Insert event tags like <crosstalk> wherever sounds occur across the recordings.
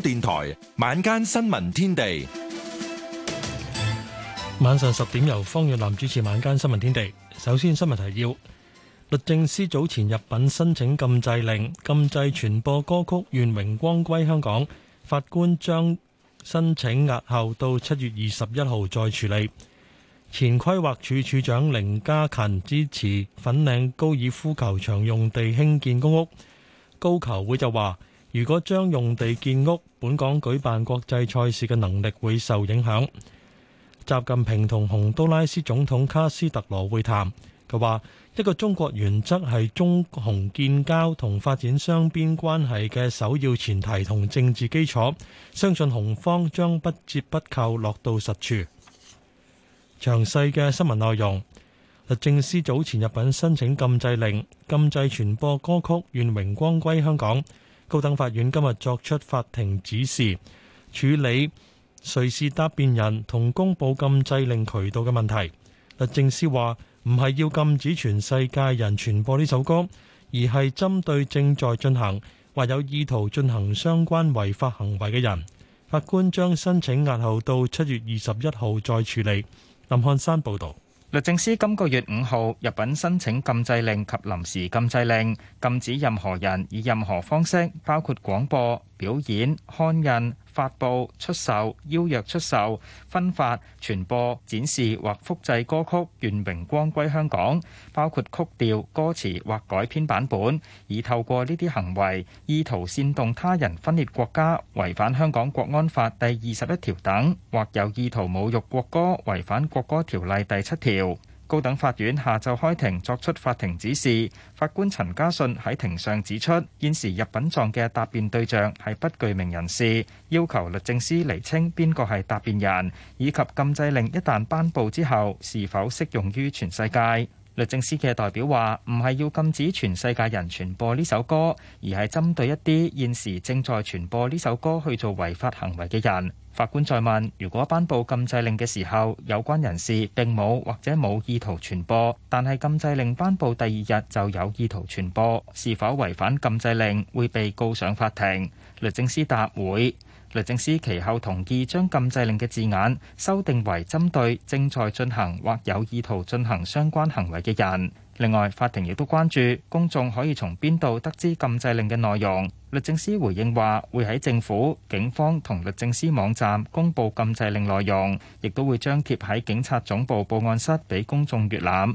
電台晚間新聞天地，晚上十點由方遠林主持晚間新聞天地。首先新聞提要：律政司早前入禀申請禁制令，禁制傳播歌曲《願榮光歸香港》。法官將申請押後到七月二十一號再處理。前規劃署署長凌家勤支持粉嶺高爾夫球場用地興建公屋，高球會就話。如果將用地建屋，本港舉辦國際賽事嘅能力會受影響。習近平同洪都拉斯總統卡斯特羅會談，佢話一個中國原則係中洪建交同發展雙邊關係嘅首要前提同政治基礎，相信洪方將不折不扣落到實處。詳細嘅新聞內容，律政司早前入禀申請禁制令，禁制傳播歌曲《願榮光歸香港》。高等法院今日作出法庭指示，處理誰是答辯人同公布禁制令渠道嘅問題。律政司話唔係要禁止全世界人傳播呢首歌，而係針對正在進行或有意圖進行相關違法行為嘅人。法官將申請押後到七月二十一號再處理。林漢山報道。律政司今個月五號入禀申請禁制令及臨時禁制令，禁止任何人以任何方式，包括廣播、表演、刊印、發佈、出售、邀約出售、分發、傳播、展示或複製歌曲，願榮光歸香港，包括曲調、歌詞或改編版本，以透過呢啲行為意圖煽動他人分裂國家、違反香港國安法第二十一條等，或有意圖侮辱國歌、違反國歌條例第七條。高等法院下晝開庭作出法庭指示，法官陳家信喺庭上指出，現時入稟狀嘅答辯對象係不具名人士，要求律政司釐清邊個係答辯人，以及禁制令一旦頒布之後是否適用於全世界。律政司嘅代表話：唔係要禁止全世界人傳播呢首歌，而係針對一啲現時正在傳播呢首歌去做違法行為嘅人。法官再問：如果頒布禁制令嘅時候，有關人士並冇或者冇意圖傳播，但係禁制令頒布第二日就有意圖傳播，是否違反禁制令，會被告上法庭？律政司答：會。律政司其後同意將禁制令嘅字眼修訂為針對正在進行或有意圖進行相關行為嘅人。另外，法庭亦都關注公眾可以從邊度得知禁制令嘅內容。律政司回應話，會喺政府、警方同律政司網站公布禁制令內容，亦都會張貼喺警察總部報案室俾公眾閲覽。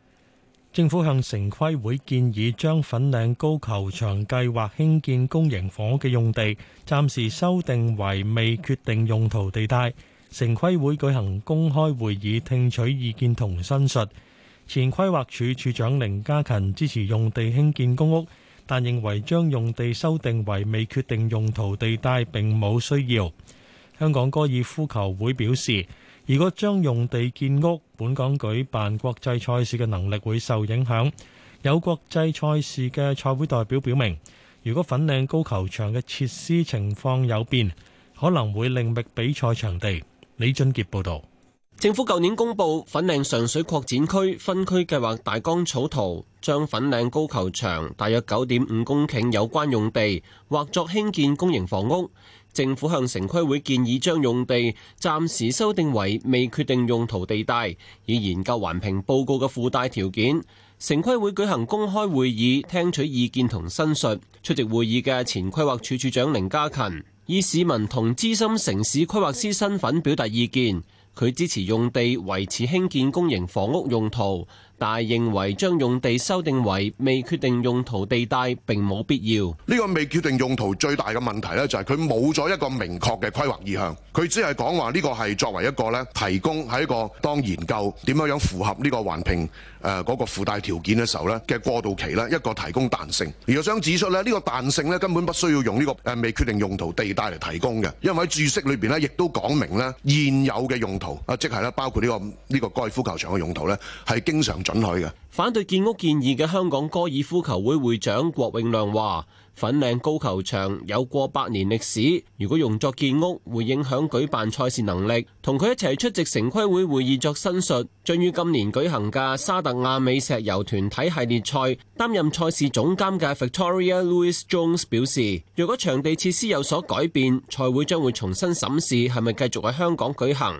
政府向城規會建議將粉嶺高球場計劃興建公營房屋嘅用地暫時修訂為未決定用途地帶，城規會舉行公開會議聽取意見同申述。前規劃署署長凌家勤支持用地興建公屋，但認為將用地修訂為未決定用途地帶並冇需要。香港高爾夫球會表示。如果將用地建屋，本港舉辦國際賽事嘅能力會受影響。有國際賽事嘅賽會代表表明，如果粉嶺高球場嘅設施情況有變，可能會另覓比賽場地。李俊傑報導。政府舊年公佈粉嶺上水擴展區分區計劃大綱草圖，將粉嶺高球場大約九點五公頃有關用地劃作興建公營房屋。政府向城規會建議將用地暫時修訂為未決定用途地帶，以研究環評報告嘅附帶條件。城規會舉行公開會議，聽取意見同申述。出席會議嘅前規劃處處長凌家勤以市民同資深城市規劃師身份表達意見，佢支持用地維持興建公營房屋用途。但認為將用地修訂為未決定用途地帶並冇必要。呢個未決定用途最大嘅問題咧，就係佢冇咗一個明確嘅規劃意向，佢只係講話呢個係作為一個咧提供喺一個當研究點樣樣符合呢個環評誒嗰個附帶條件嘅時候咧嘅過渡期咧一個提供彈性。而我想指出咧，呢個彈性咧根本不需要用呢個誒未決定用途地帶嚟提供嘅，因為喺注釋裏邊咧亦都講明咧，現有嘅用途啊，即係咧包括呢個呢個高爾夫球場嘅用途咧係經常。允許嘅。反對建屋建議嘅香港高爾夫球會會長郭永亮話。粉嶺高球場有過百年歷史，如果用作建屋，會影響舉辦賽事能力。同佢一齊出席城規會會議作申述，將於今年舉行嘅沙特亞美石油團體系列賽，擔任賽事總監嘅 Victoria Louis Jones 表示，如果場地設施有所改變，賽會將會重新審視係咪繼續喺香港舉行。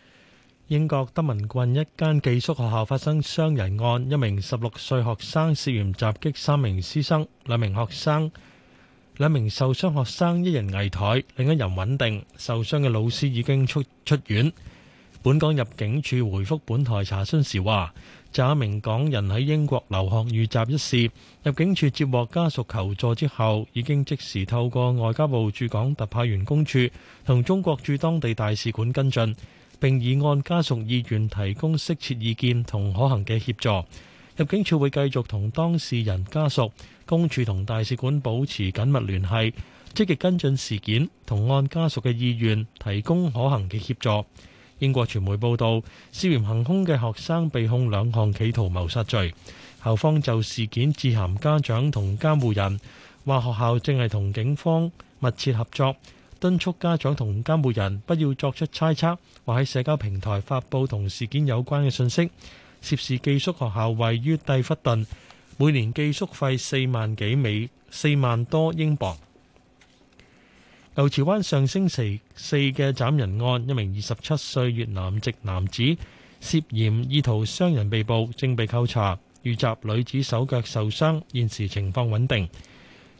英國德文郡一間寄宿學校發生傷人案，一名十六歲學生涉嫌襲擊三名師生，兩名學生、兩名受傷學生一人危殆，另一人穩定。受傷嘅老師已經出出院。本港入境處回覆本台查詢時話，就一名港人喺英國留學遇襲一事，入境處接獲家屬求助之後，已經即時透過外交部駐港特派員公署同中國駐當地大使館跟進。並已按家屬意願提供適切意見同可行嘅協助。入境處會繼續同當事人家屬、公署同大使館保持緊密聯繫，積極跟進事件，同按家屬嘅意願提供可行嘅協助。英國傳媒報道，涉嫌行兇嘅學生被控兩項企圖謀殺罪。校方就事件致函家長同監護人，話學校正係同警方密切合作。敦促家長同監護人不要作出猜測或喺社交平台發布同事件有關嘅信息。涉事寄宿學校位於蒂夫頓，每年寄宿費四萬幾美四萬多英鎊。牛池灣上星期四嘅斬人案，一名二十七歲越南籍男子涉嫌意圖傷人被捕，正被扣查。遇襲女子手腳受傷，現時情況穩定。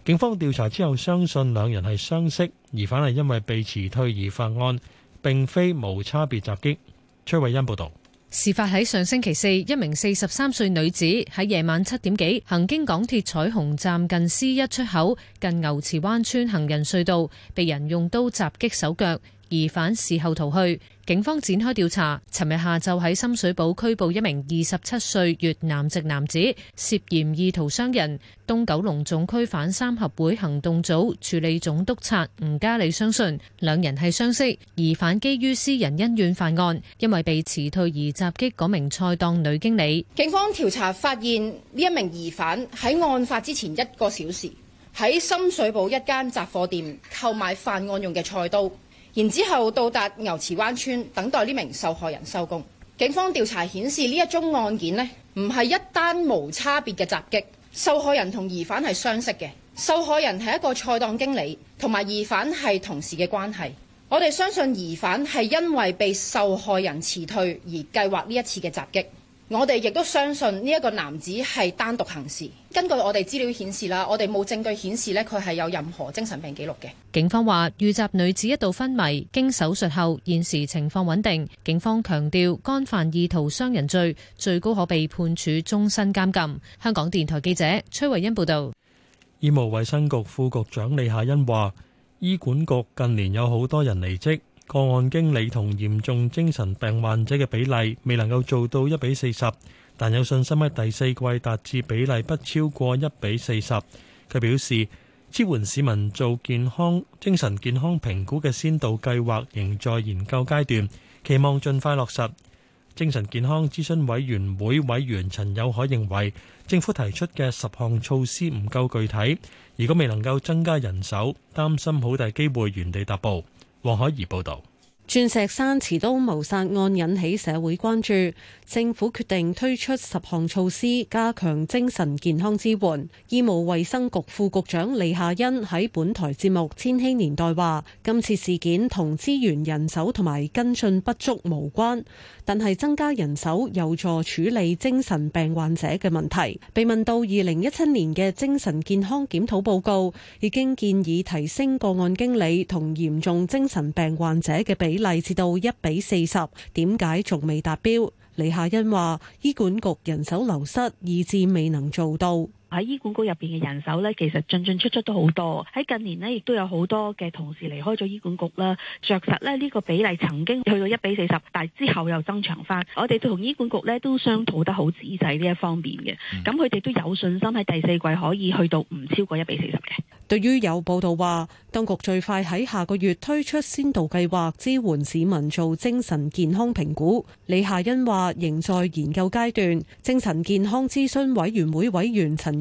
警方調查之後，相信兩人係相識，疑犯係因為被辭退而犯案，並非無差別襲擊。崔慧欣報導，事發喺上星期四，一名四十三歲女子喺夜晚七點幾行經港鐵彩虹站近 C 一出口、近牛池灣村行人隧道，被人用刀襲擊手腳。疑犯事後逃去，警方展開調查。尋日下晝喺深水埗拘捕一名二十七歲越南籍男子，涉嫌意圖傷人。東九龍總區反三合會行動組處理總督察吳嘉利相信兩人係相識，疑犯基於私人恩怨犯案，因為被辭退而襲擊嗰名菜檔女經理。警方調查發現呢一名疑犯喺案發之前一個小時喺深水埗一間雜貨店購買犯案用嘅菜刀。然之後到達牛池灣村，等待呢名受害人收工。警方調查顯示，呢一宗案件呢唔係一單無差別嘅襲擊，受害人同疑犯係相識嘅。受害人係一個菜檔經理，同埋疑犯係同事嘅關係。我哋相信疑犯係因為被受害人辭退而計劃呢一次嘅襲擊。我哋亦都相信呢一個男子係單獨行事。根據我哋資料顯示啦，我哋冇證據顯示呢佢係有任何精神病記錄嘅。警方話遇襲女子一度昏迷，經手術後現時情況穩定。警方強調，干犯意圖傷人罪，最高可被判處終身監禁。香港電台記者崔維欣報道。醫務衛生局副局長李夏恩話：醫管局近年有好多人離職。個案經理同嚴重精神病患者嘅比例未能夠做到一比四十，但有信心喺第四季達至比例不超過一比四十。佢表示，支援市民做健康精神健康評估嘅先導計劃仍在研究階段，期望盡快落實。精神健康諮詢委員會委員陳友海認為，政府提出嘅十項措施唔夠具體，如果未能夠增加人手，擔心好大機會原地踏步。王海怡報道。鑽石山持刀謀殺案引起社會關注，政府決定推出十項措施加強精神健康支援。醫務衛生局副局長李夏欣喺本台節目《千禧年代》話：今次事件同資源人手同埋跟進不足無關，但係增加人手有助處理精神病患者嘅問題。被問到二零一七年嘅精神健康檢討報告，已經建議提升個案經理同嚴重精神病患者嘅比，嚟至到一比四十，點解仲未達標？李夏欣話：醫管局人手流失，以致未能做到。喺醫管局入邊嘅人手呢，其實進進出出都好多。喺近年呢，亦都有好多嘅同事離開咗醫管局啦。着實呢，呢個比例曾經去到一比四十，但係之後又增長翻。我哋都同醫管局呢，都商討得好仔細呢一方面嘅，咁佢哋都有信心喺第四季可以去到唔超過一比四十嘅。對於有報道話當局最快喺下個月推出先導計劃支援市民做精神健康評估，李夏欣話仍在研究階段。精神健康諮詢委員會委員陳。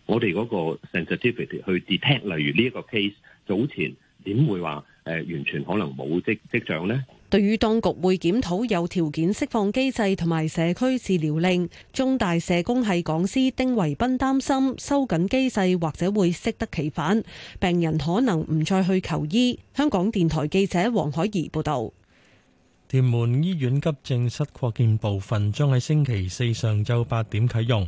我哋嗰個 sensitivity 去 detect，例如呢一個 case 早前點會話，誒，完全可能冇跡跡象咧？對於當局會檢討有條件釋放機制同埋社區治療令，中大社工系講師丁維斌擔心收緊機制或者會適得其反，病人可能唔再去求醫，香港電台記者黃海怡報道，屯門醫院急症室擴建部分將喺星期四上晝八點啟用。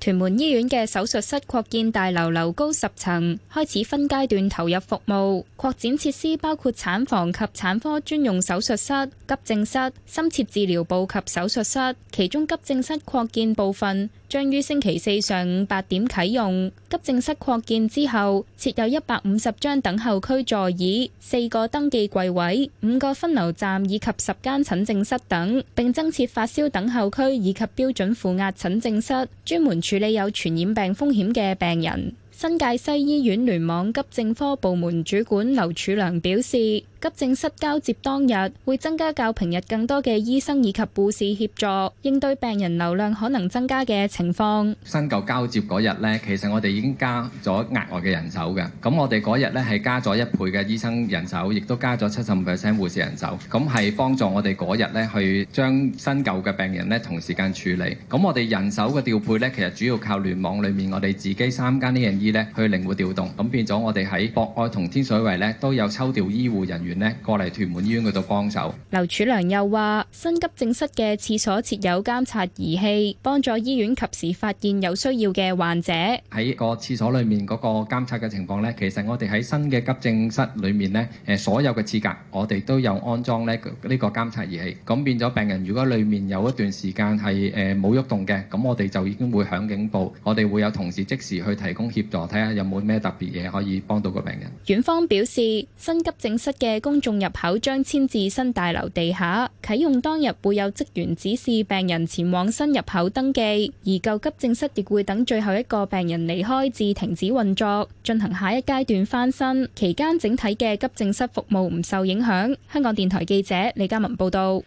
屯門醫院嘅手術室擴建大樓樓高十層，開始分階段投入服務。擴展設施包括產房及產科專用手術室、急症室、深切治療部及手術室，其中急症室擴建部分。將於星期四上午八點啟用。急症室擴建之後，設有一百五十張等候區座椅、四個登記櫃位、五個分流站以及十間診症室等，並增設發燒等候區以及標準負壓診症室，專門處理有傳染病風險嘅病人。新界西醫院聯網急症科部門主管劉柱良表示。急症室交接當日會增加較平日更多嘅醫生以及護士，協助應對病人流量可能增加嘅情況。新舊交接嗰日呢，其實我哋已經加咗額外嘅人手嘅。咁我哋嗰日呢，係加咗一倍嘅醫生人手，亦都加咗七十五 percent 護士人手。咁係幫助我哋嗰日呢，去將新舊嘅病人呢，同時間處理。咁我哋人手嘅調配呢，其實主要靠聯網裏面我哋自己三間呢樣醫呢，去靈活調動。咁變咗我哋喺博愛同天水圍呢，都有抽調醫護人員。咧過嚟屯門醫院嗰度幫手。劉柱良又話：新急症室嘅廁所設有監察儀器，幫助醫院及時發現有需要嘅患者。喺個廁所裏面嗰個監察嘅情況呢，其實我哋喺新嘅急症室裏面呢，誒所有嘅廁格我哋都有安裝咧呢個監察儀器。咁變咗病人如果裡面有一段時間係誒冇喐動嘅，咁我哋就已經會響警報，我哋會有同事即時去提供協助，睇下有冇咩特別嘢可以幫到個病人。院方表示，新急症室嘅公眾入口將遷至新大樓地下啟用當日會有職員指示病人前往新入口登記，而舊急症室亦會等最後一個病人離開至停止運作，進行下一階段翻新期間，整體嘅急症室服務唔受影響。香港電台記者李嘉文報道：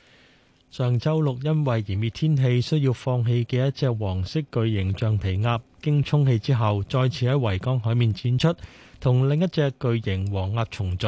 上周六因為炎熱天氣需要放棄嘅一隻黃色巨型橡皮鴨，經充氣之後再次喺維港海面展出，同另一隻巨型黃鴨重聚。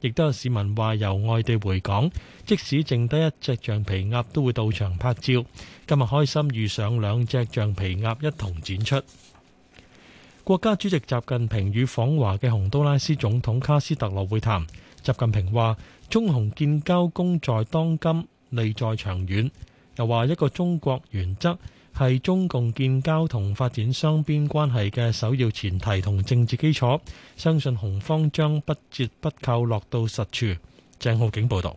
亦都有市民話由外地回港，即使剩低一隻橡皮鴨都會到場拍照。今日開心遇上兩隻橡皮鴨一同展出。國家主席習近平與訪華嘅洪都拉斯總統卡斯特羅會談，習近平話中洪建交功在當今，利在長遠。又話一個中國原則，係中洪建交同發展雙邊關係嘅首要前提同政治基礎，相信洪方將不折不扣落到實處。鄭浩景報導，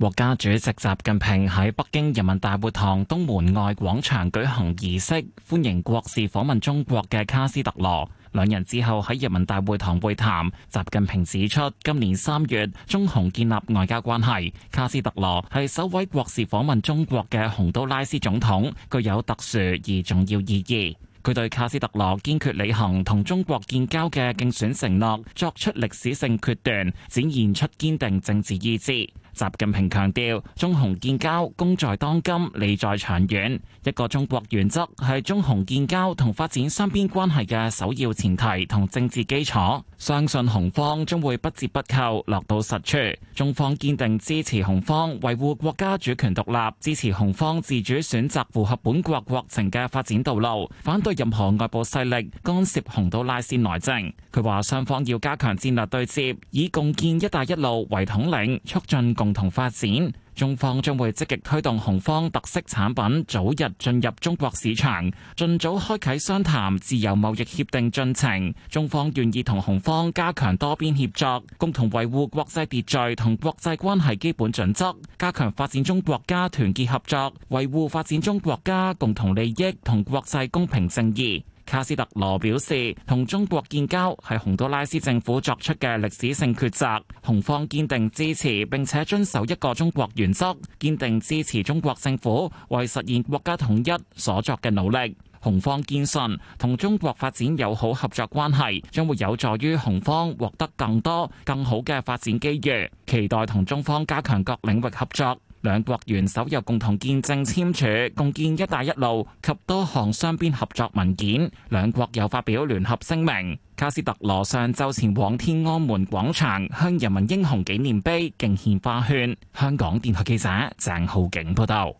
國家主席習近平喺北京人民大會堂東門外廣場舉行儀式，歡迎國事訪問中國嘅卡斯特羅。兩人之後喺人民大會堂會談，習近平指出，今年三月中洪建立外交關係，卡斯特羅係首位國事訪問中國嘅洪都拉斯總統，具有特殊而重要意義。佢對卡斯特羅堅決履行同中國建交嘅競選承諾作出歷史性決斷，展現出堅定政治意志。習近平強調，中洪建交功在當今，利在長遠。一個中國原則係中洪建交同發展雙邊關係嘅首要前提同政治基礎。相信洪方將會不折不扣落到實處。中方堅定支持洪方維護國家主權獨立，支持洪方自主選擇符合本國國情嘅發展道路，反對任何外部勢力干涉洪都拉斯內政。佢話雙方要加強戰略對接，以共建“一帶一路”為統領，促進共。共同發展，中方將會積極推動洪方特色產品早日進入中國市場，盡早開啟商談自由貿易協定進程。中方願意同洪方加強多邊協作，共同維護國際秩序同國際關係基本準則，加強發展中國家團結合作，維護發展中國家共同利益同國際公平正義。卡斯特羅表示，同中國建交係洪都拉斯政府作出嘅歷史性抉擇。洪方堅定支持，並且遵守一個中國原則，堅定支持中國政府為實現國家統一所作嘅努力。洪方堅信，同中國發展友好合作關係，將會有助於洪方獲得更多更好嘅發展機遇，期待同中方加強各領域合作。兩國元首又共同見證簽署共建「一帶一路」及多項雙邊合作文件，兩國又發表聯合聲明。卡斯特羅上週前往天安門廣場向人民英雄紀念碑敬獻花圈。香港電台記者鄭浩景報道。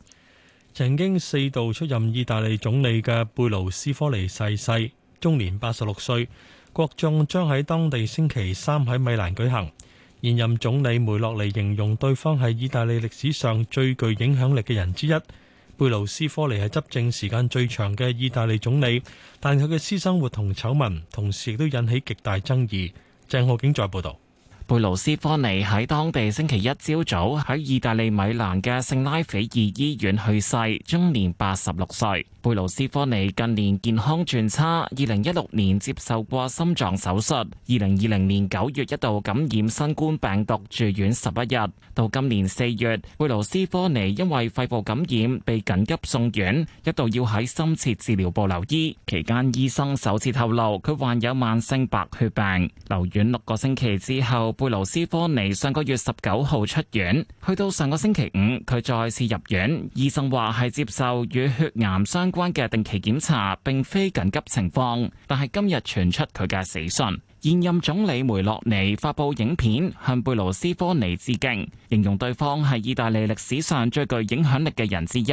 曾經四度出任意大利總理嘅貝盧斯科尼逝世，世，終年八十六歲。國葬將喺當地星期三喺米蘭舉行。現任總理梅洛尼形容對方係意大利歷史上最具影響力嘅人之一。貝盧斯科尼係執政時間最長嘅意大利總理，但佢嘅私生活同醜聞同時亦都引起極大爭議。鄭浩景再報道。貝魯斯科尼喺當地星期一朝早喺意大利米蘭嘅聖拉斐爾醫院去世，終年八十六歲。貝魯斯科尼近年健康轉差，二零一六年接受過心臟手術，二零二零年九月一度感染新冠病毒住院十一日，到今年四月，貝魯斯科尼因為肺部感染被緊急送院，一度要喺深切治療部留醫，期間醫生首次透露佢患有慢性白血病，留院六個星期之後。貝魯斯科尼上個月十九號出院，去到上個星期五，佢再次入院，醫生話係接受與血癌相關嘅定期檢查，並非緊急情況，但係今日傳出佢嘅死訊。現任總理梅洛尼發布影片向貝魯斯科尼致敬，形容對方係意大利歷史上最具影響力嘅人之一。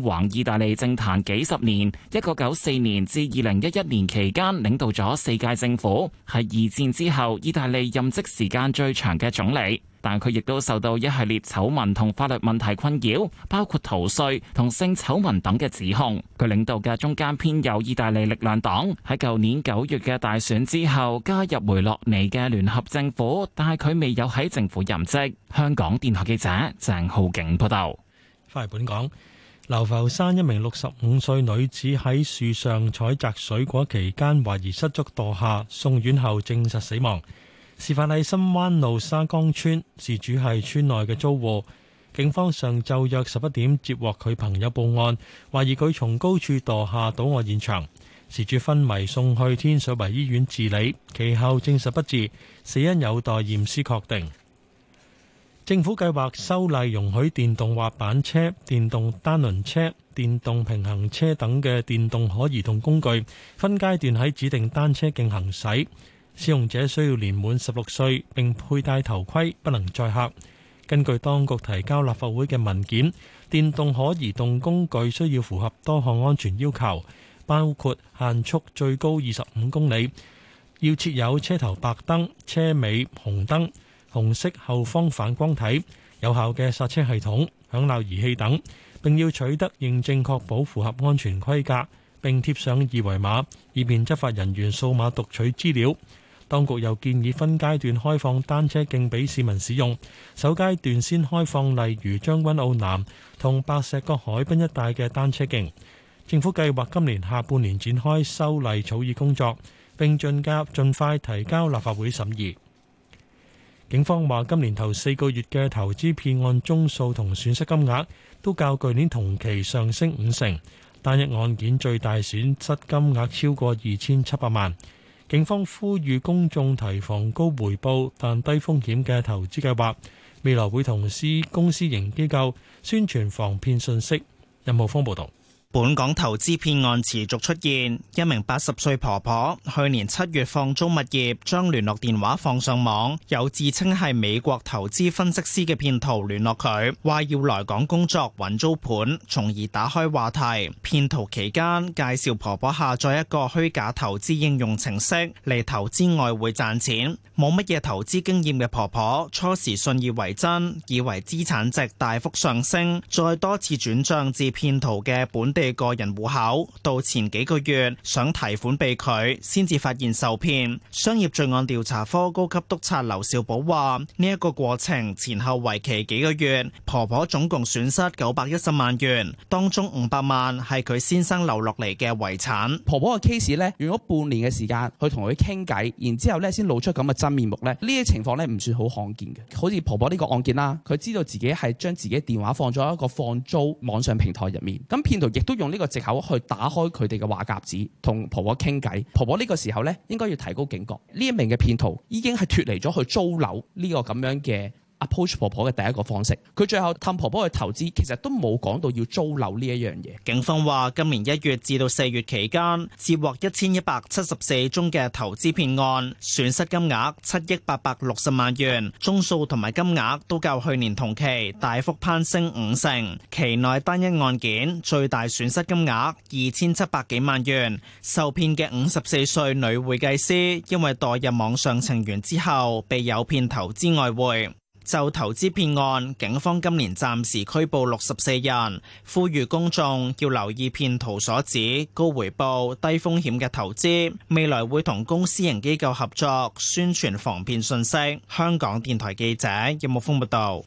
橫意大利政壇幾十年，一九九四年至二零一一年期間領導咗四屆政府，係二戰之後意大利任職時間最長嘅總理。但佢亦都受到一系列醜聞同法律問題困擾，包括逃稅同性醜聞等嘅指控。佢領導嘅中間偏右意大利力量黨喺舊年九月嘅大選之後加入梅洛尼嘅聯合政府，但係佢未有喺政府任職。香港電台記者鄭浩景報道。翻嚟本港。流浮山一名六十五歲女子喺樹上採摘水果期間懷疑失足墮下，送院後證實死亡。事發喺深灣路沙江村，事主係村內嘅租戶。警方上晝約十一點接獲佢朋友報案，懷疑佢從高處墮下倒臥現場，事主昏迷送去天水圍醫院治理，其後證實不治，死因有待驗屍確定。政府計劃修例容許電動滑板車、電動單輪車、電動平衡車等嘅電動可移動工具，分階段喺指定單車徑行駛。使用者需要年滿十六歲，並佩戴頭盔，不能載客。根據當局提交立法會嘅文件，電動可移動工具需要符合多項安全要求，包括限速最高二十五公里，要設有車頭白燈、車尾紅燈。紅色後方反光體、有效嘅煞車系統、響鬧儀器等，並要取得認證，確保符合安全規格，並貼上二維碼，以便執法人員掃碼讀取資料。當局又建議分階段開放單車徑俾市民使用，首階段先開放，例如將軍澳南同白石角海濱一帶嘅單車徑。政府計劃今年下半年展開修例草擬工作，並盡及盡快提交立法會審議。警方話：今年頭四個月嘅投資騙案宗數同損失金額都較去年同期上升五成，單一案件最大損失金額超過二千七百萬。警方呼籲公眾提防高回報但低風險嘅投資計劃，未來會同司公司型機構宣傳防騙信息。任浩峯報道。本港投資騙案持續出現，一名八十歲婆婆去年七月放租物業，將聯絡電話放上網，有自稱係美國投資分析師嘅騙徒聯絡佢，話要來港工作揾租盤，從而打開話題。騙徒期間介紹婆婆下載一個虛假投資應用程式嚟投資外匯賺錢，冇乜嘢投資經驗嘅婆婆初時信以為真，以為資產值大幅上升，再多次轉賬至騙徒嘅本地嘅個人戶口到前幾個月想提款俾佢，先至發現受騙。商業罪案調查科高級督察劉少寶話：呢一個過程前後為期幾個月，婆婆總共損失九百一十萬元，當中五百萬係佢先生留落嚟嘅遺產。婆婆嘅 case 咧，用咗半年嘅時間去同佢傾偈，然之後咧先露出咁嘅真面目咧。呢啲情況咧唔算好罕見嘅，好似婆婆呢個案件啦，佢知道自己係將自己電話放咗一個放租網上平台入面，咁騙徒亦都。都用呢個借口去打開佢哋嘅話匣子，同婆婆傾偈。婆婆呢個時候咧，應該要提高警覺。呢一名嘅騙徒已經係脫離咗去租樓呢個咁樣嘅。approach 婆婆嘅第一個方式，佢最後氹婆婆去投資，其實都冇講到要租樓呢一樣嘢。警方話，今年一月至到四月期間，接獲一千一百七十四宗嘅投資騙案，損失金額七億八百六十萬元，宗數同埋金額都較去年同期大幅攀升五成。期內單一案件最大損失金額二千七百幾萬元。受騙嘅五十四歲女會計師，因為代入網上情緣之後，被誘騙投資外匯。就投資騙案，警方今年暫時拘捕六十四人，呼籲公眾要留意騙徒所指高回報、低風險嘅投資。未來會同公私營機構合作宣傳防騙信息。香港電台記者葉木峰報道。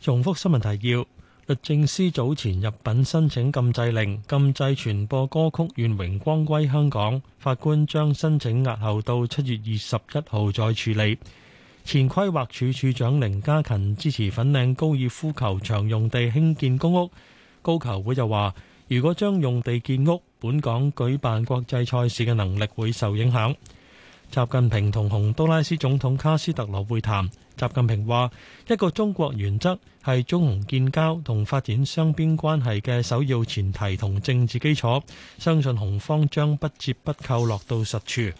重複新聞提要：律政司早前入禀申請禁制令，禁制傳播歌曲《願榮光歸香港》。法官將申請押後到七月二十一號再處理。前規劃署署長凌家勤支持粉嶺高爾夫球場用地興建公屋，高球會又話：如果將用地建屋，本港舉辦國際賽事嘅能力會受影響。習近平同洪都拉斯總統卡斯特羅會談，習近平話：一個中國原則係中洪建交同發展雙邊關係嘅首要前提同政治基礎，相信洪方將不折不扣落到實處。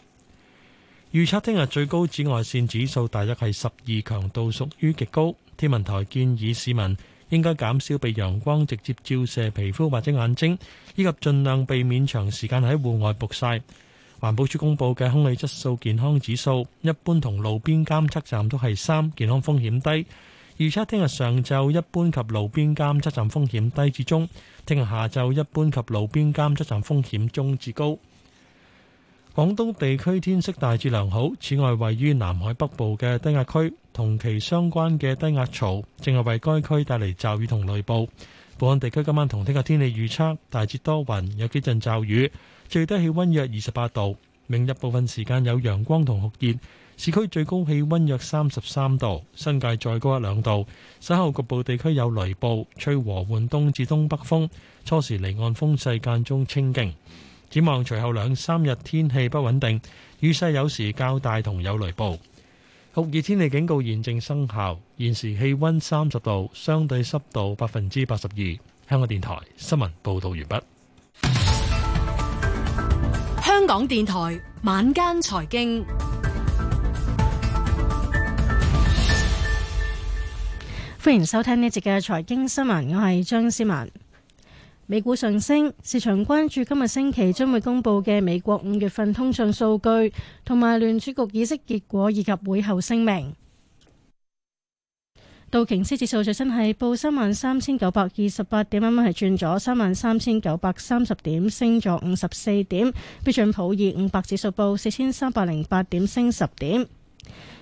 預測聽日最高紫外線指數大約係十二強度，屬於極高。天文台建議市民應該減少被陽光直接照射皮膚或者眼睛，以及盡量避免長時間喺戶外曝曬。環保署公布嘅空氣質素健康指數，一般同路邊監測站都係三，健康風險低。預測聽日上晝一般及路邊監測站風險低至中，聽日下晝一般及路邊監測站風險中至高。廣東地區天色大致良好，此外位於南海北部嘅低壓區，同其相關嘅低壓槽，正係為該區帶嚟驟雨同雷暴。本港地區今晚同聽日天氣預測，大致多雲，有幾陣驟雨，最低氣温約二十八度。明日部分時間有陽光同酷熱，市區最高氣温約三十三度，新界再高一兩度。稍後局部地區有雷暴，吹和緩東至東北風，初時離岸風勢間中清勁。展望隨後兩三日天氣不穩定，雨勢有時較大，同有雷暴。酷熱天氣警告現正生效。現時氣溫三十度，相對濕度百分之八十二。香港電台新聞報道完畢。香港電台晚間財經，歡迎收聽呢節嘅財經新聞，我係張思文。美股上升，市場關注今日星期將會公布嘅美國五月份通脹數據同埋聯儲局議息結果以及會後聲明。道瓊斯指數最新係報三萬三千九百二十八點，啱啱係轉咗三萬三千九百三十點，升咗五十四點。標準普爾五百指數報四千三百零八點，升十點。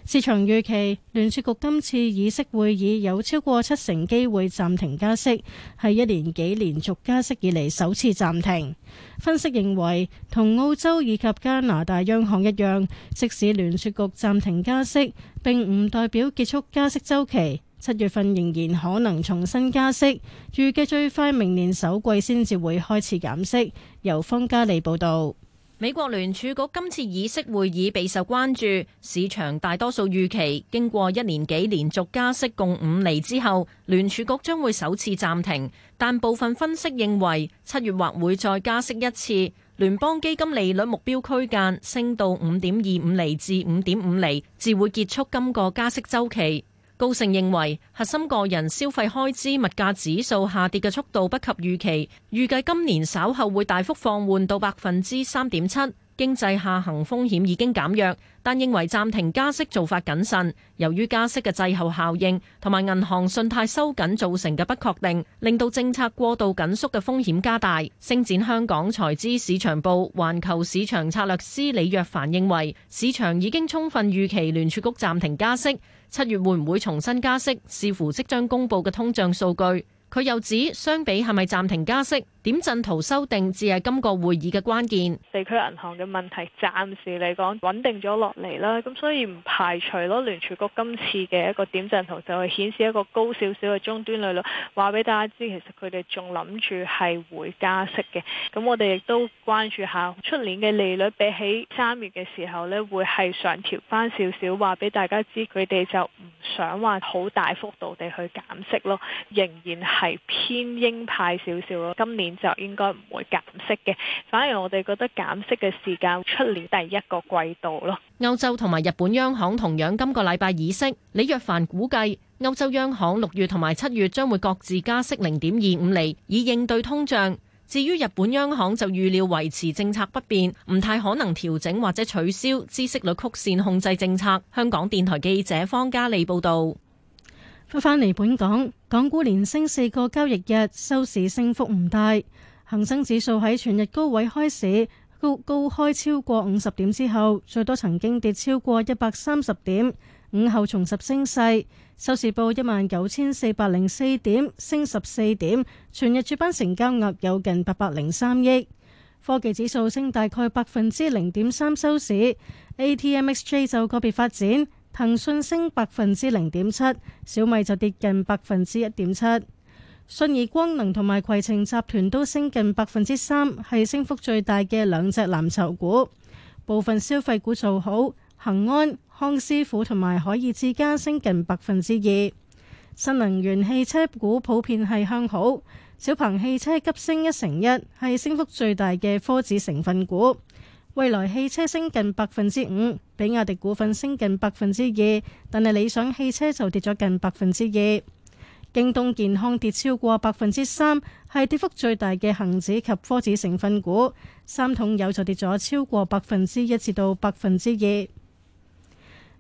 市場預期聯儲局今次議息會議有超過七成機會暫停加息，係一年幾連續加息以嚟首次暫停。分析認為，同澳洲以及加拿大央行一樣，即使聯儲局暫停加息，並唔代表結束加息週期，七月份仍然可能重新加息，預計最快明年首季先至會開始減息。由方嘉利報道。美國聯儲局今次議息會議備受關注，市場大多數預期經過一年幾連續加息共五厘之後，聯儲局將會首次暫停，但部分分析認為七月或會再加息一次，聯邦基金利率目標區間升到五點二五厘至五點五厘，至會結束今個加息週期。高盛認為核心個人消費開支物價指數下跌嘅速度不及預期，預計今年稍後會大幅放緩到百分之三點七。經濟下行風險已經減弱，但認為暫停加息做法謹慎。由於加息嘅滯後效應同埋銀行信貸收緊造成嘅不確定，令到政策過度緊縮嘅風險加大。星展香港財資市場部環球市場策略師李若凡認為，市場已經充分預期聯儲局暫停加息，七月會唔會重新加息，視乎即將公布嘅通脹數據。佢又指，相比係咪暫停加息，點陣圖修訂至係今個會議嘅關鍵，地區銀行嘅問題暫時嚟講穩定咗落嚟啦，咁所以唔排除咯聯儲局今次嘅一個點陣圖就會顯示一個高少少嘅終端利率。話俾大家知，其實佢哋仲諗住係會加息嘅。咁我哋亦都關注下出年嘅利率比起三月嘅時候呢會係上調翻少少。話俾大家知，佢哋就唔想話好大幅度地去減息咯，仍然係偏鷹派少少咯。今年。就應該唔會減息嘅，反而我哋覺得減息嘅時間出年第一個季度咯。歐洲同埋日本央行同樣今個禮拜議息，李若凡估計歐洲央行六月同埋七月將會各自加息零點二五厘，以應對通脹。至於日本央行就預料維持政策不變，唔太可能調整或者取消知識率曲線控制政策。香港電台記者方嘉利報道。翻返嚟本港，港股連升四個交易日，收市升幅唔大。恆生指數喺全日高位開市，高高開超過五十點之後，最多曾經跌超過一百三十點，午後重拾升勢，收市報一萬九千四百零四點，升十四點。全日主板成交額有近八百零三億。科技指數升大概百分之零點三，收市，ATMXJ 就個別發展。騰訊升百分之零點七，小米就跌近百分之一點七。信義光能同埋攜程集團都升近百分之三，係升幅最大嘅兩隻藍籌股。部分消費股做好，恒安、康師傅同埋海爾之家升近百分之二。新能源汽車股普遍係向好，小鵬汽車急升一成一，係升幅最大嘅科指成分股。蔚來汽車升近百分之五，比亞迪股份升近百分之二，但係理想汽車就跌咗近百分之二。京東健康跌超過百分之三，係跌幅最大嘅恒指及科指成分股。三桶油就跌咗超過百分之一至到百分之二。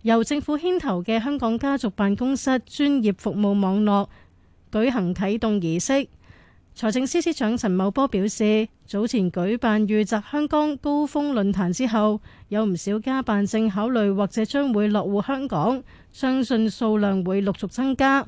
由政府牽頭嘅香港家族辦公室專業服務網絡舉行啟動儀式。財政司司長陳茂波表示，早前舉辦裕澤香港高峰論壇之後，有唔少家辦正考慮或者將會落戶香港，相信數量會陸續增加。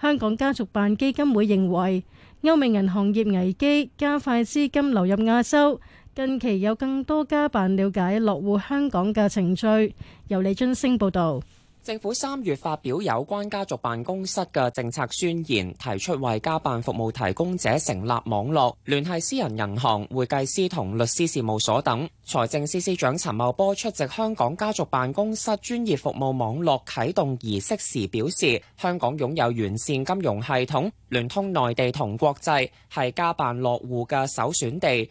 香港家族辦基金會認為，歐美銀行業危機加快資金流入亞洲，近期有更多家辦了解落戶香港嘅程序。由李津升報導。政府三月發表有關家族辦公室嘅政策宣言，提出為家辦服務提供者成立網絡、聯繫私人銀行、會計師同律師事務所等。財政司司長陳茂波出席香港家族辦公室專業服務網絡啟動儀式時表示，香港擁有完善金融系統，聯通內地同國際，係家辦落戶嘅首選地。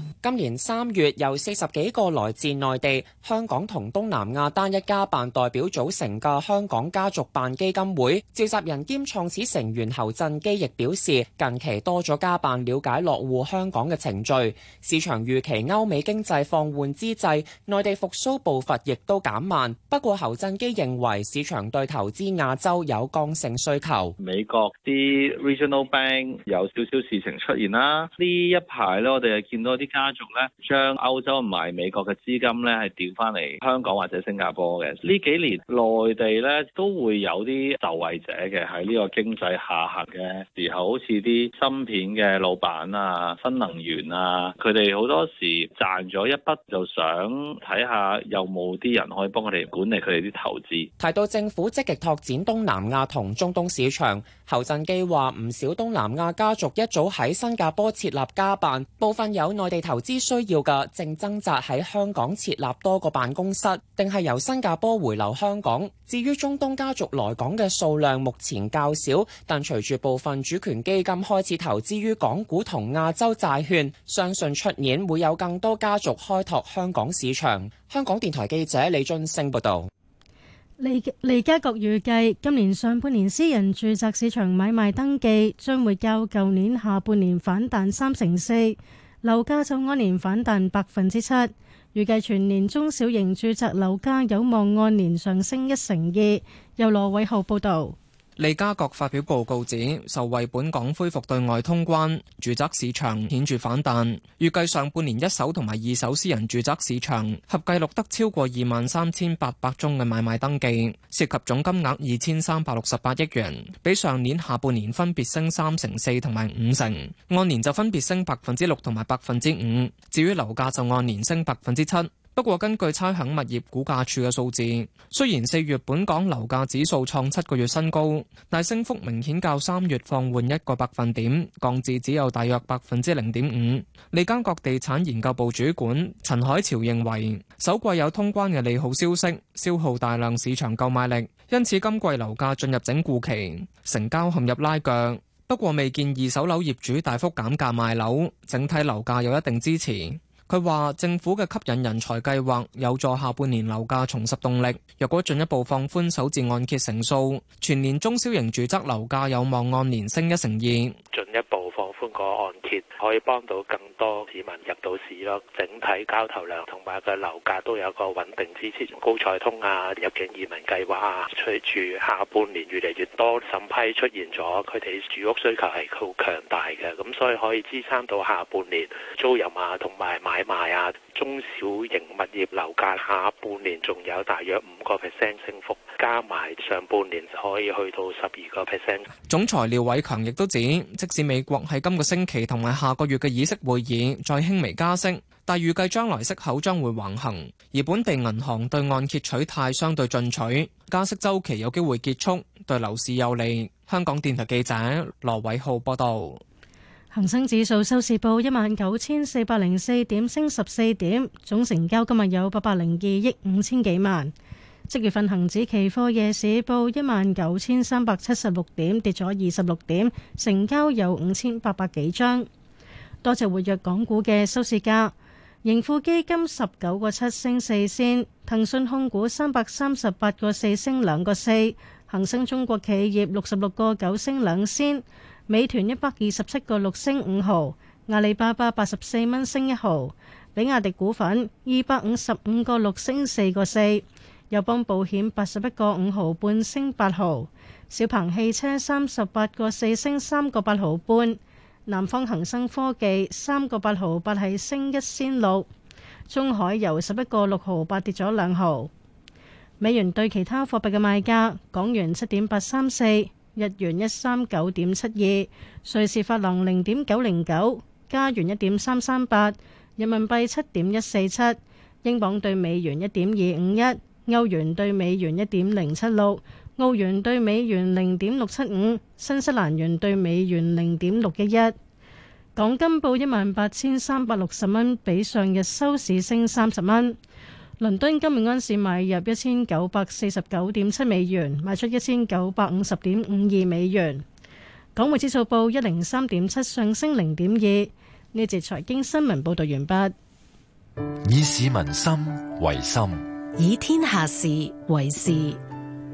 今年三月，由四十幾個來自內地、香港同東南亞單一家辦代表組成嘅香港家族辦基金會召集人兼創始成員侯振基亦表示，近期多咗家辦了解落戶香港嘅程序。市場預期歐美經濟放緩之際，內地復甦步伐亦都減慢。不過侯振基認為，市場對投資亞洲有剛性需求。美國啲 regional bank 有少少事情出現啦，呢一排咧，我哋係見到啲家家族咧，將歐洲同埋美國嘅資金咧，係調翻嚟香港或者新加坡嘅。呢幾年內地咧，都會有啲受惠者嘅，喺呢個經濟下行嘅時候，好似啲芯片嘅老闆啊、新能源啊，佢哋好多時賺咗一筆就想睇下有冇啲人可以幫佢哋管理佢哋啲投資。提到政府積極拓展東南亞同中東市場，侯振基話：唔少東南亞家族一早喺新加坡設立家辦部分有內地投資需要嘅，正掙扎喺香港設立多個辦公室，定係由新加坡回流香港。至於中東家族來港嘅數量目前較少，但隨住部分主權基金開始投資於港股同亞洲債券，相信出年會有更多家族開拓香港市場。香港電台記者李俊升報道。利利家局預計今年上半年私人住宅市場買賣登記將會較舊年下半年反彈三成四。樓價就按年反彈百分之七，預計全年中小型住宅樓價有望按年上升一成二。由羅偉浩報導。利嘉閣發表報告指，受惠本港恢復對外通關，住宅市場顯著反彈。預計上半年一手同埋二手私人住宅市場合計錄得超過二萬三千八百宗嘅買賣登記，涉及總金額二千三百六十八億元，比上年下半年分別升三成四同埋五成，按年就分別升百分之六同埋百分之五。至於樓價就按年升百分之七。不過，根據差餉物業估價處嘅數字，雖然四月本港樓價指數創七個月新高，但升幅明顯較三月放緩一個百分點，降至只有大約百分之零點五。利嘉閣地產研究部主管陳海潮認為，首季有通關嘅利好消息，消耗大量市場購買力，因此今季樓價進入整固期，成交陷入拉鋸。不過，未見二手樓業主大幅減價賣樓，整體樓價有一定支持。佢話：政府嘅吸引人才計劃有助下半年樓價重拾動力。若果進一步放寬首置按揭成數，全年中小型住宅樓價有望按年升一成二。進一步通過按揭可以幫到更多市民入到市咯，整體交投量同埋個樓價都有個穩定支持。高才通啊，入境移民計劃啊，隨住下半年越嚟越多審批出現咗，佢哋住屋需求係好強大嘅，咁所以可以支撐到下半年租賃啊，同埋買賣啊，中小型物業樓價下半年仲有大約五個 percent 升幅，加埋上半年可以去到十二個 percent。總裁廖偉強亦都指，即使美國喺今今個星期同埋下個月嘅議息會議再輕微加息，但預計將來息口將會橫行，而本地銀行對按揭取貸相對進取，加息周期有機會結束，對樓市有利。香港電台記者羅偉浩報道。恒生指數收市報一萬九千四百零四點，升十四點，總成交今日有八百零二億五千幾萬。即月份恒指期貨夜市報一萬九千三百七十六點，跌咗二十六點，成交有五千八百幾張。多謝活躍港股嘅收市價，盈富基金十九個七升四仙，騰訊控股三百三十八個四升兩個四，恒生中國企業六十六個九升兩仙，美團一百二十七個六升五毫，阿里巴巴八十四蚊升一毫，比亞迪股份二百五十五個六升四個四。友邦保險八十一個五毫半升八毫，小鵬汽車三十八個四升三個八毫半，南方恒生科技三個八毫八，係升一先六，中海油十一個六毫八跌咗兩毫。美元對其他貨幣嘅賣價：港元七點八三四，日元一三九點七二，瑞士法郎零點九零九，加元一點三三八，人民幣七點一四七，英鎊對美元一點二五一。歐元兌美元一點零七六，澳元兌美元零點六七五，新西蘭元兌美元零點六一一。港金報一萬八千三百六十蚊，比上日收市升三十蚊。倫敦金每盎司買入一千九百四十九點七美元，賣出一千九百五十點五二美元。港匯指數報一零三點七，上升零點二。呢節財經新聞報道完畢。以市民心為心，以天下事為事。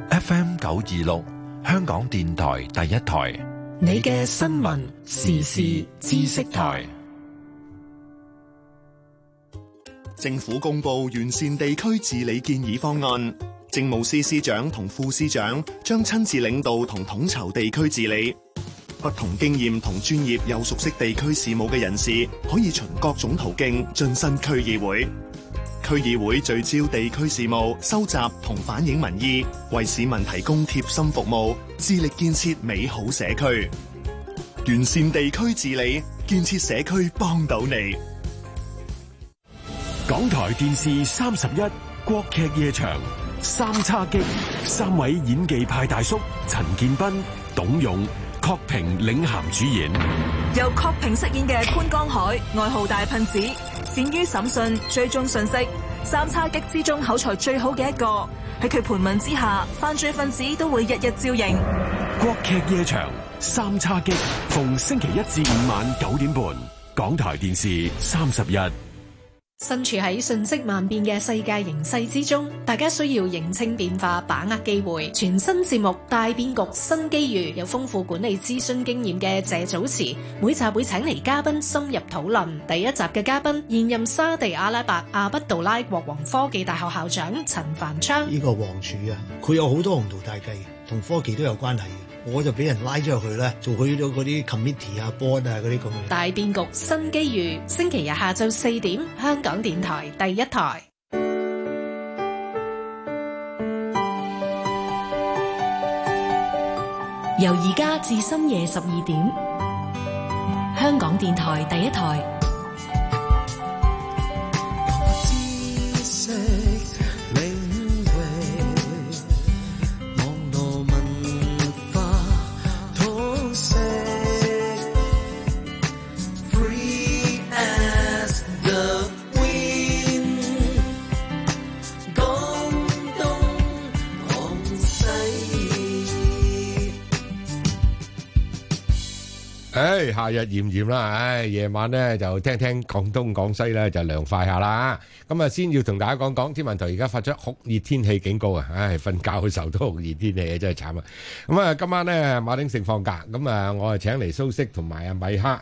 FM 九二六，香港電台第一台。你嘅新聞時事知識台。政府公布完善地區治理建議方案，政務司司長同副司長將親自領導同統籌地區治理。不同經驗同專業又熟悉地區事務嘅人士，可以循各種途徑晉身區議會。區議會聚焦地區事務，收集同反映民意，為市民提供貼心服務，致力建設美好社區，完善地區治理，建設社區幫到你。港台電視三十一國劇夜場，三叉戟三位演技派大叔陳建斌、董勇、郝平領銜主演，由郝平飾演嘅潘江海，外號大噴子，善於審訊、追蹤信息，三叉戟之中口才最好嘅一個，喺佢盤問之下，犯罪分子都會日日招認。國劇夜場三叉戟，逢星期一至五晚九點半，港台電視三十一。身處喺瞬息萬變嘅世界形勢之中，大家需要認清變化，把握機會。全新節目《大變局新機遇》，有豐富管理諮詢經驗嘅謝祖墀，每集會請嚟嘉賓深入討論。第一集嘅嘉賓，現任沙地阿拉伯阿卜杜拉國王科技大學校長陳繁昌。呢個王儲啊，佢有好多宏圖大計，同科技都有關係。我就俾人拉咗入去咧，做嗰啲咗嗰啲 committee 啊、board 啊嗰啲咁嘅。大變局，新機遇。星期日下晝四點，香港電台第一台。由而家至深夜十二點，香港電台第一台。夏日炎炎啦，唉、哎，夜晚咧就聽聽廣東廣西咧就涼快下啦。咁啊，先要同大家講講天文台而家發出酷熱天氣警告，哎、氣啊！唉，瞓覺嘅時候都酷熱天氣，真係慘啊！咁啊，今晚咧馬鼎盛放假，咁啊，我係請嚟蘇軾同埋阿米克。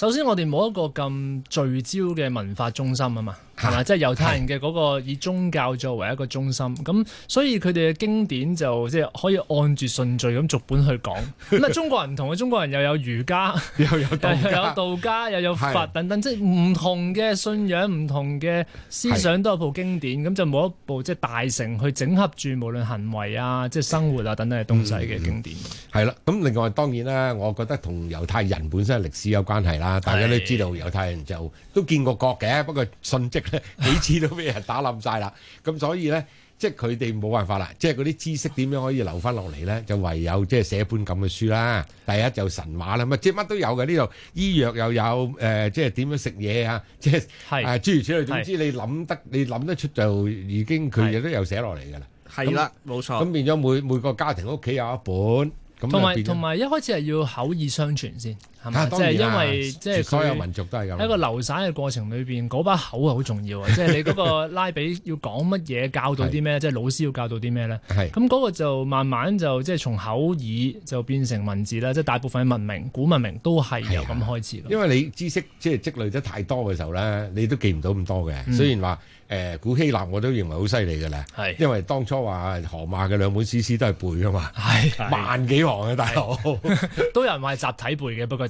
首先，我哋冇一個咁聚焦嘅文化中心啊嘛。係嘛、啊，即係猶太人嘅嗰個以宗教作為一個中心，咁是所以佢哋嘅經典就即係、就是、可以按住順序咁逐本去講。咁啊，中國人唔同啊，中國人又有儒家，又有道家，又有佛等等，即係唔同嘅信仰、唔同嘅思想都有一部經典，咁是就冇一部即係大成去整合住無論行為啊、即係生活啊等等嘅東西嘅經典。係啦、嗯，咁、嗯、另外當然啦，我覺得同猶太人本身歷史有關係啦，是大家都知道猶太人就都建過國嘅，不過信跡。幾次都俾人打冧晒啦，咁所以咧，即係佢哋冇辦法啦，即係嗰啲知識點樣可以留翻落嚟咧，就唯有即係寫本咁嘅書啦。第一就神話啦，咪即係乜都有嘅呢度，醫藥又有誒，即係點樣食嘢啊，即係係啊諸如此類。總之你諗得你諗得出就已經佢亦都有寫落嚟噶啦。係啦，冇錯。咁變咗每每個家庭屋企有一本。同埋同埋，成一開始係要口耳相傳先，係咪？即係、啊、因為即係所有民族都係咁。喺個流散嘅過程裏邊，嗰把口係好重要啊！即係 <laughs> 你嗰個拉比要講乜嘢，教到啲咩？即係老師要教到啲咩咧？咁嗰是個就慢慢就即係、就是、從口耳就變成文字啦。即、就、係、是、大部分文明、古文明都係由咁開始。因為你知識即係、就是、積累得太多嘅時候咧，你都記唔到咁多嘅。嗯、雖然話。誒古希臘我都認為好犀利嘅啦，是因為當初話，荷馬嘅兩本詩詩都係背嘅嘛，係是，唉萬幾行啊大佬，都有人話係集體背嘅， <laughs> 不過。